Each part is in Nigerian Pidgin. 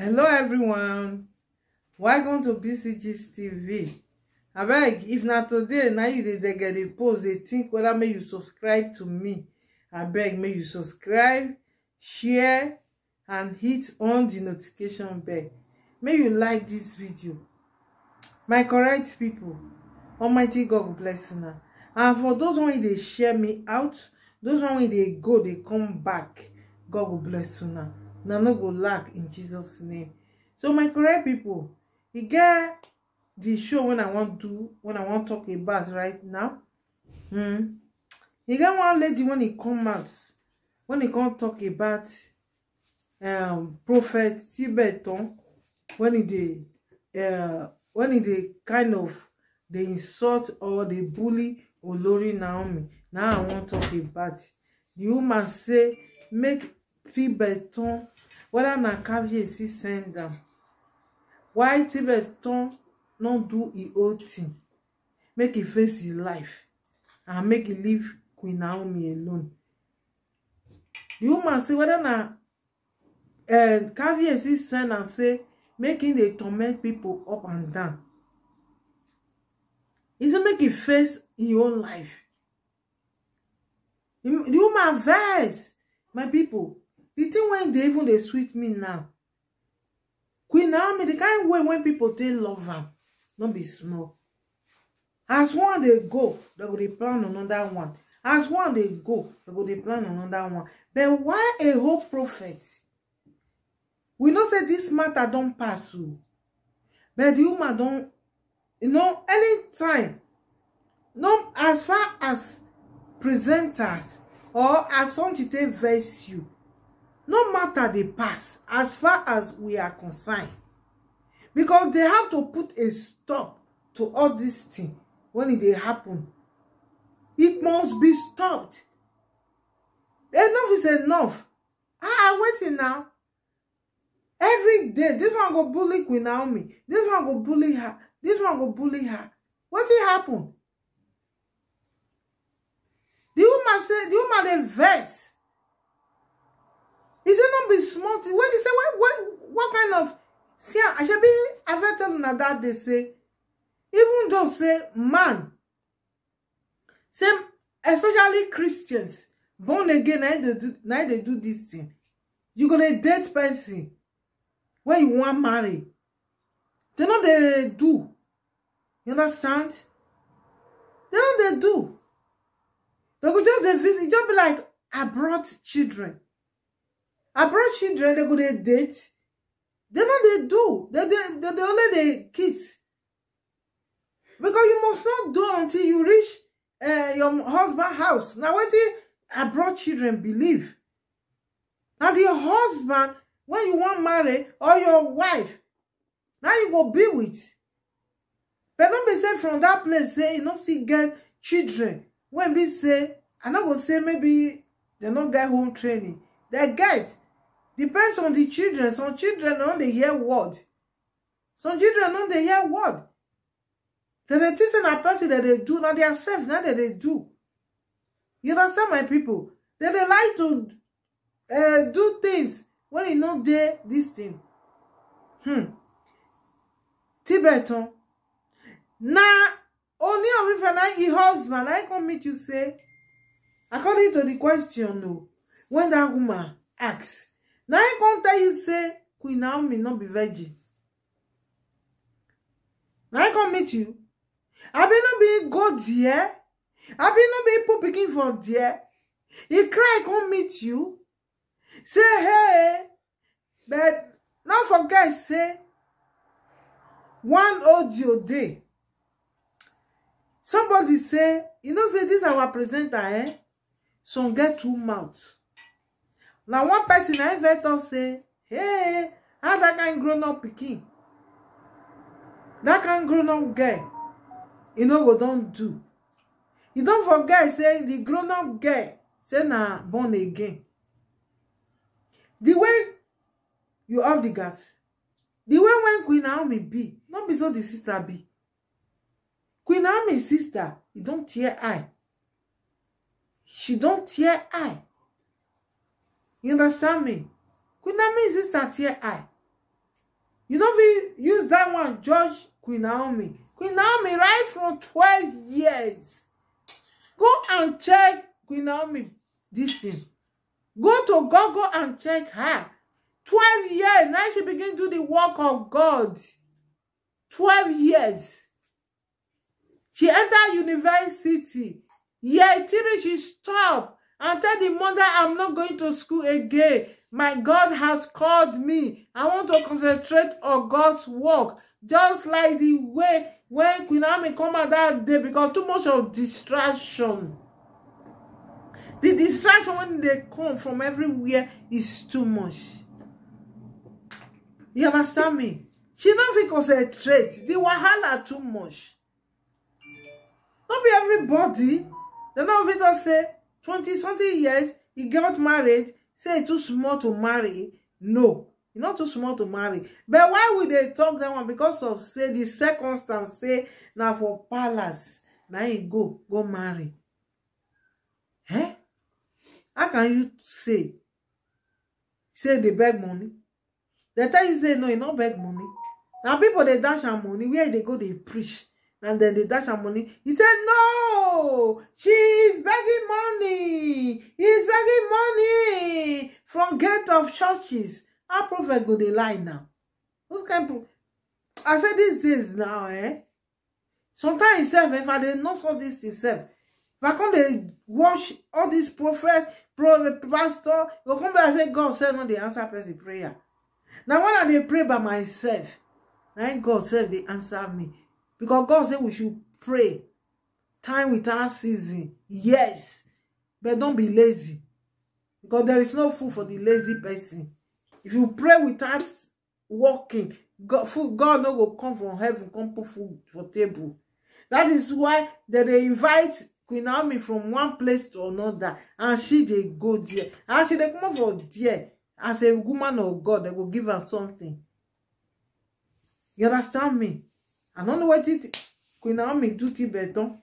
hello everyone welcome to bc gist tv abeg if not today now you dey dey get dey post they think whether may you subscribe to me I beg may you subscribe share and hit on the notification bell May you like this video my correct people almighty god bless you now. and for those one they share me out those one they go they come back god go bless now na no go lack in jesus name so my correct people, e get the show wey i wan do wey i wan talk about right now hmm e get one lady wen e come out wen e come talk about um, prophet tibetan wen e dey uh, wen e dey kind of dey insult or dey bully olori naomi na i wan talk about the woman say make Tibeton, whether na Kabiyesi send am. Why Tibetan? no do e old thing? Make e face his e life and make e leave Queen Naomi alone. The woman say whether na uh, eh, Kabiyesi send and say making e torment people up and down. Is it make e face e own life. The my vex, my people the thing when they even they sweet me now queen naomi the kind way when people they love am don't be small as one they go they go they plan another one as one they go they go they plan another one but why a whole prophet we know say this matter don't pass you, but the woman don you know anytime no as far as presenters or as something take vex you no matter the past as far as we are concerned because they have to put a stop to all this thing when it happen it must be stopped enough is enough ah waiting now every day this one go bully queen naomi this one go bully her this one go bully her What wetin happen the woman say the woman dey vex small thing wey dey say what what what kind of see i should be as i told una that day say even though say man Same, especially christians born again Now they do now they do this thing you gonna date person wey you want marry they know they do you understand they know they do they go just dey visit just be like i brought children abroad children they go dey date they no they do they dey they dey only dey kiss because you must not do until you reach uh, your husband house Now, na wetin abroad children believe Now, your husband when you want marry or your wife Now you go be with but don't be say from that place say you no still get children when be say i no go say maybe they no get home training They get Depends on the children. Some children don't they hear word. Some children don't they hear word. Then they teaching a person that they do, not they are safe. now that they do. You understand my people? Then they like to uh, do things when you e know they this thing. Hmm. Tibetan. Now, only of if I he husband, I come meet you say, according to the question, no, oh, when that woman asks, Now him come tell you say queen naomi not be virgin Now him come meet you I be not be God go I be not be put pikin for there he cry come meet you say hey but no forget say one audio day. somebody say you know say this our presenter eh some get two mouths na one person na ever talk say hey how that kind grown up pikin that kind grown up girl e no go don do you don forget say the grown up girl say na born again the way you off the gas the way when queen naomi be no be so the sister be queen naomi sister e don tear eye she don tear eye You understand me? Kunami is that here I. You know, we use that one, judge Queen Naomi. Queen Naomi, right from 12 years. Go and check Queen Naomi this thing. Go to Google and check her. 12 years. Now she begin to do the work of God. 12 years. She enter university. Year three, she stop and tell the mother i'm not going to school again my god has called me i want to concentrate on god's work just like the way when queen ami come out that day because too much of distraction the distraction when they come from everywhere is too much you understand me she not fit concentrate the wahala too much no be everybody They no even say twenty something years he got married say too small to marry no e not too small to marry but why would they talk that one because of say the circumstance say na for palace Now he go go marry eh how can you say say they beg money The time you say no e not beg money Now people they dash our money where they go They preach and then they dash her money. He said, No, she is begging money. He is begging money from gate of churches. Our prophet go dey lie now. Those kind of I said these things now, eh? Sometimes self, if I dey not all this itself, if I come they watch all these prophet, prophet pastor, you come back and say God said no, they answer person prayer. Now when I dey pray by myself, thank God self they answer me because God said we should pray time without season yes but don't be lazy because there is no food for the lazy person if you pray without working God food God no go come from heaven come put food for table that is why they invite Queen Naomi from one place to another and she they go there and she they comot for there as a woman of God they will give her something you understand me I don't know what it Queen Naomi do till Beton.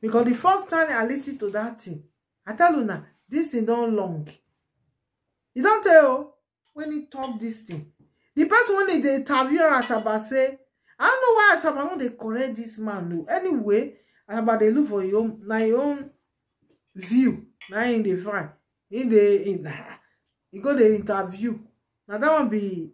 Because the first time I listened to that thing, I tell Una, this thing don't long. You don't tell when he talk this thing. The person when they interview Asaba say, I don't know why Asaba won't they correct this man. No. Anyway, Asaba they look for your own, na own view. Na in the front, In the in you go the interview. Now that one be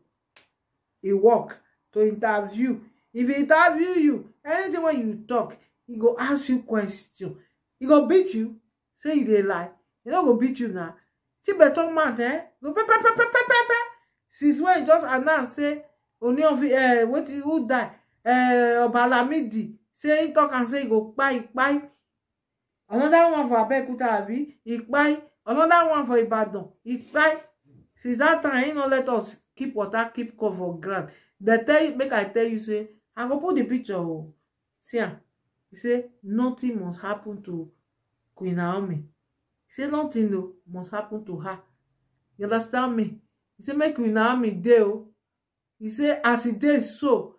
a work to interview if he interview you anything wey you talk he go ask you question he go beat you say you dey lie he no go beat you na tibetan man eh go pepepepepepe since when he just announce say oniofi eh wetin who die eh obalamidi say he talk am say he go kpai kpai another one for abeokuta abi he kpai another one for ibadan he kpai since that time he no let us keep water keep cover ground They tell you make i tell you say i go put the picture o oh. see ah, he say nothing must happen to queen naomi he say nothing o must happen to her you understand me he say make queen naomi dey o oh. he say as e dey so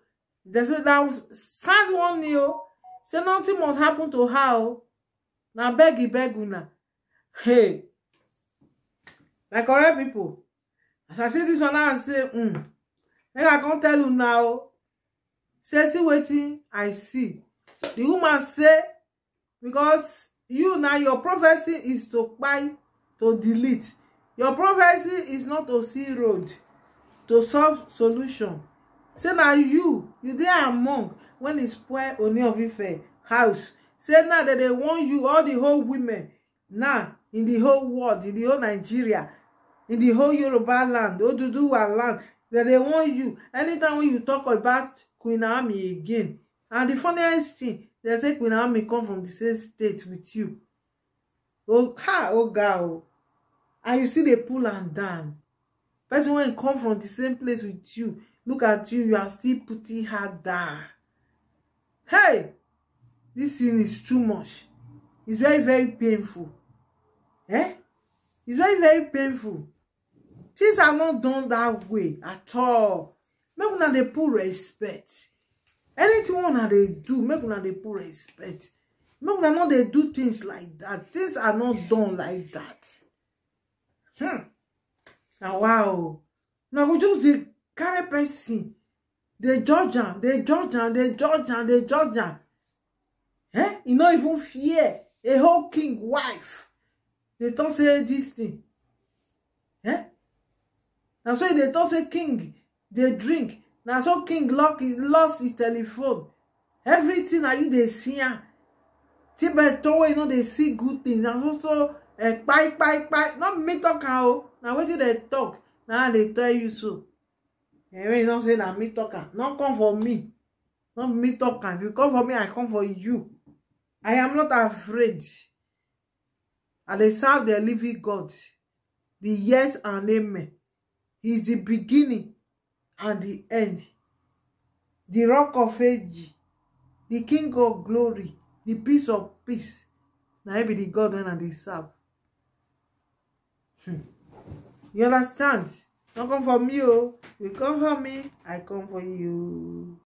dem say that sad one warning o oh. say nothing must happen to her o na beg e beg una hey like all right, people. as i say this one now i say. Mm, make i come tell you now. say see wetin i see the woman say because you now your prophecy is to buy to delete your prophecy is not to see road to solve solution say now you you dey among when e spoil on your ife house say now that they want you all the whole women now in the whole world in the whole nigeria in the whole yoruba land oduduwa land that they want you anytime when you talk about Queen Naomi again and the funniest thing they say Queen Naomi come from the same state with you oh ha oh girl oh. and you see they pull am down person wey come from the same place with you look at you you are still putting her down hey this thing is too much it's very very painful eh it's very very painful things are not done that way at all make una dey put respect anything wey una dey do make una dey put respect make una not they do things like that things are not done like that hmm. Now, wow Now we just the carry person They judge am They judge am They judge am They judge am eh You e no even fear a whole king wife They don't say this thing eh na so e dey talk say king dey drink na so king lock lost his telephone everything na you dey see am tibet towe you no dey see good things na so so eh, kpaikpaikpai no be me talk am ah, o oh. na wetin dey talk na i dey tell you so eh, when you don say na me talk am ah, no come for me no me talk am ah. if you come for me i come for you i am not afraid i dey serve the living god the yes and amen is the beginning and the end. The rock of age, the king of glory, the peace of peace. Na be the God when they serve. Hmm. You understand? Don't come for me, oh. You come for me, I come for you.